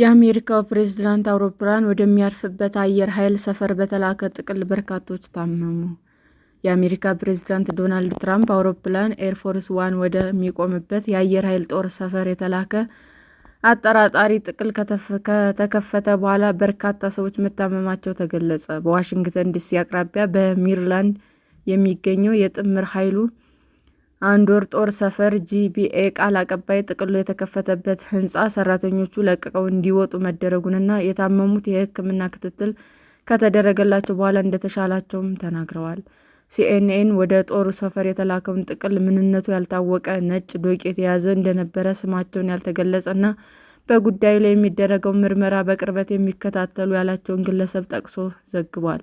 የአሜሪካው ፕሬዝዳንት አውሮፕላን ወደሚያርፍበት አየር ኃይል ሰፈር በተላከ ጥቅል በርካቶች ታመሙ። የአሜሪካ ፕሬዝዳንት ዶናልድ ትራምፕ አውሮፕላን ኤርፎርስ ዋን ወደሚቆምበት የአየር ኃይል ጦር ሰፈር የተላከ አጠራጣሪ ጥቅል ከተከፈተ በኋላ በርካታ ሰዎች መታመማቸው ተገለጸ። በዋሽንግተን ዲሲ አቅራቢያ በሜሪላንድ የሚገኘው የጥምር ኃይሉ አንድ ወር ጦር ሰፈር ጂቢኤ ቃል አቀባይ ጥቅሉ የተከፈተበት ህንፃ ሰራተኞቹ ለቅቀው እንዲወጡ መደረጉንና የታመሙት የህክምና ክትትል ከተደረገላቸው በኋላ እንደተሻላቸውም ተናግረዋል። ሲኤንኤን ወደ ጦር ሰፈር የተላከውን ጥቅል ምንነቱ ያልታወቀ ነጭ ዶቄት የያዘ እንደነበረ ስማቸውን ያልተገለጸና በጉዳዩ ላይ የሚደረገው ምርመራ በቅርበት የሚከታተሉ ያላቸውን ግለሰብ ጠቅሶ ዘግቧል።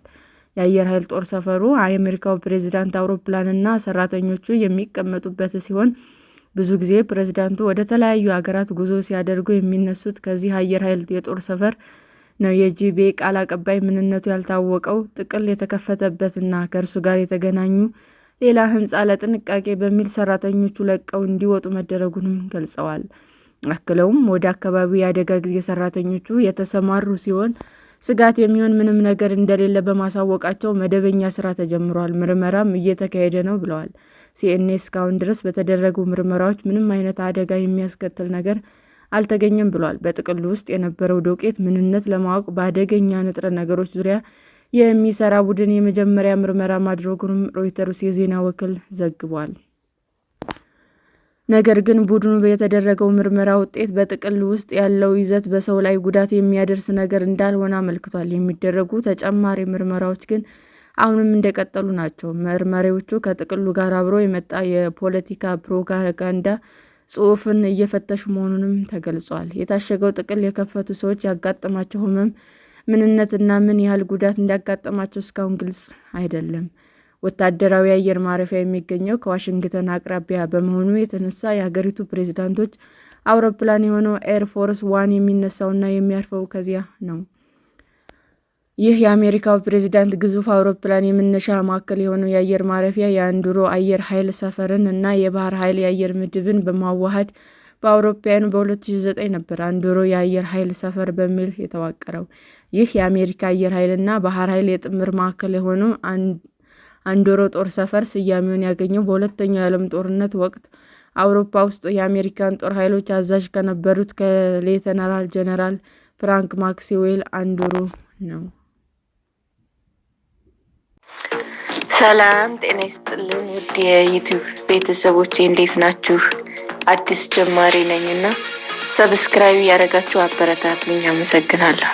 የአየር ኃይል ጦር ሰፈሩ የአሜሪካው ፕሬዚዳንት አውሮፕላንና ሰራተኞቹ የሚቀመጡበት ሲሆን ብዙ ጊዜ ፕሬዚዳንቱ ወደ ተለያዩ ሀገራት ጉዞ ሲያደርጉ የሚነሱት ከዚህ አየር ኃይል የጦር ሰፈር ነው። የጂቢኤ ቃል አቀባይ ምንነቱ ያልታወቀው ጥቅል የተከፈተበትና ከእርሱ ጋር የተገናኙ ሌላ ህንፃ ለጥንቃቄ በሚል ሰራተኞቹ ለቀው እንዲወጡ መደረጉንም ገልጸዋል። አክለውም ወደ አካባቢው የአደጋ ጊዜ ሰራተኞቹ የተሰማሩ ሲሆን ስጋት የሚሆን ምንም ነገር እንደሌለ በማሳወቃቸው መደበኛ ስራ ተጀምሯል፣ ምርመራም እየተካሄደ ነው ብለዋል። ሲኤንኤ እስካሁን ድረስ በተደረጉ ምርመራዎች ምንም አይነት አደጋ የሚያስከትል ነገር አልተገኘም ብሏል። በጥቅሉ ውስጥ የነበረው ዶቄት ምንነት ለማወቅ በአደገኛ ንጥረ ነገሮች ዙሪያ የሚሰራ ቡድን የመጀመሪያ ምርመራ ማድረጉንም ሮይተርስ የዜና ወኪል ዘግቧል። ነገር ግን ቡድኑ የተደረገው ምርመራ ውጤት በጥቅል ውስጥ ያለው ይዘት በሰው ላይ ጉዳት የሚያደርስ ነገር እንዳልሆነ አመልክቷል። የሚደረጉ ተጨማሪ ምርመራዎች ግን አሁንም እንደቀጠሉ ናቸው። መርማሪዎቹ ከጥቅሉ ጋር አብሮ የመጣ የፖለቲካ ፕሮፓጋንዳ ጽሑፍን እየፈተሹ መሆኑንም ተገልጿል። የታሸገው ጥቅል የከፈቱ ሰዎች ያጋጠማቸው ሕመም ምንነትና ምን ያህል ጉዳት እንዳጋጠማቸው እስካሁን ግልጽ አይደለም። ወታደራዊ አየር ማረፊያ የሚገኘው ከዋሽንግተን አቅራቢያ በመሆኑ የተነሳ የሀገሪቱ ፕሬዝዳንቶች አውሮፕላን የሆነው ኤርፎርስ ዋን የሚነሳውና የሚያርፈው ከዚያ ነው። ይህ የአሜሪካው ፕሬዝዳንት ግዙፍ አውሮፕላን የመነሻ ማዕከል የሆነው የአየር ማረፊያ የአንዱሮ አየር ኃይል ሰፈርን እና የባህር ኃይል የአየር ምድብን በማዋሃድ በአውሮፓውያኑ በ2009 ነበር አንዱሮ የአየር ኃይል ሰፈር በሚል የተዋቀረው። ይህ የአሜሪካ አየር ኃይል እና ባህር ኃይል የጥምር ማዕከል የሆነው አንዶሮ ጦር ሰፈር ስያሜውን ያገኘው በሁለተኛው የዓለም ጦርነት ወቅት አውሮፓ ውስጥ የአሜሪካን ጦር ኃይሎች አዛዥ ከነበሩት ከሌተናል ጄኔራል ፍራንክ ማክሲዌል አንዶሮ ነው። ሰላም ጤና ይስጥልን ውድ የዩቲዩብ እንዴት ናችሁ? አዲስ ጀማሪ ነኝ እና ሰብስክራይብ ያደረጋችሁ አበረታቱኝ። አመሰግናለሁ።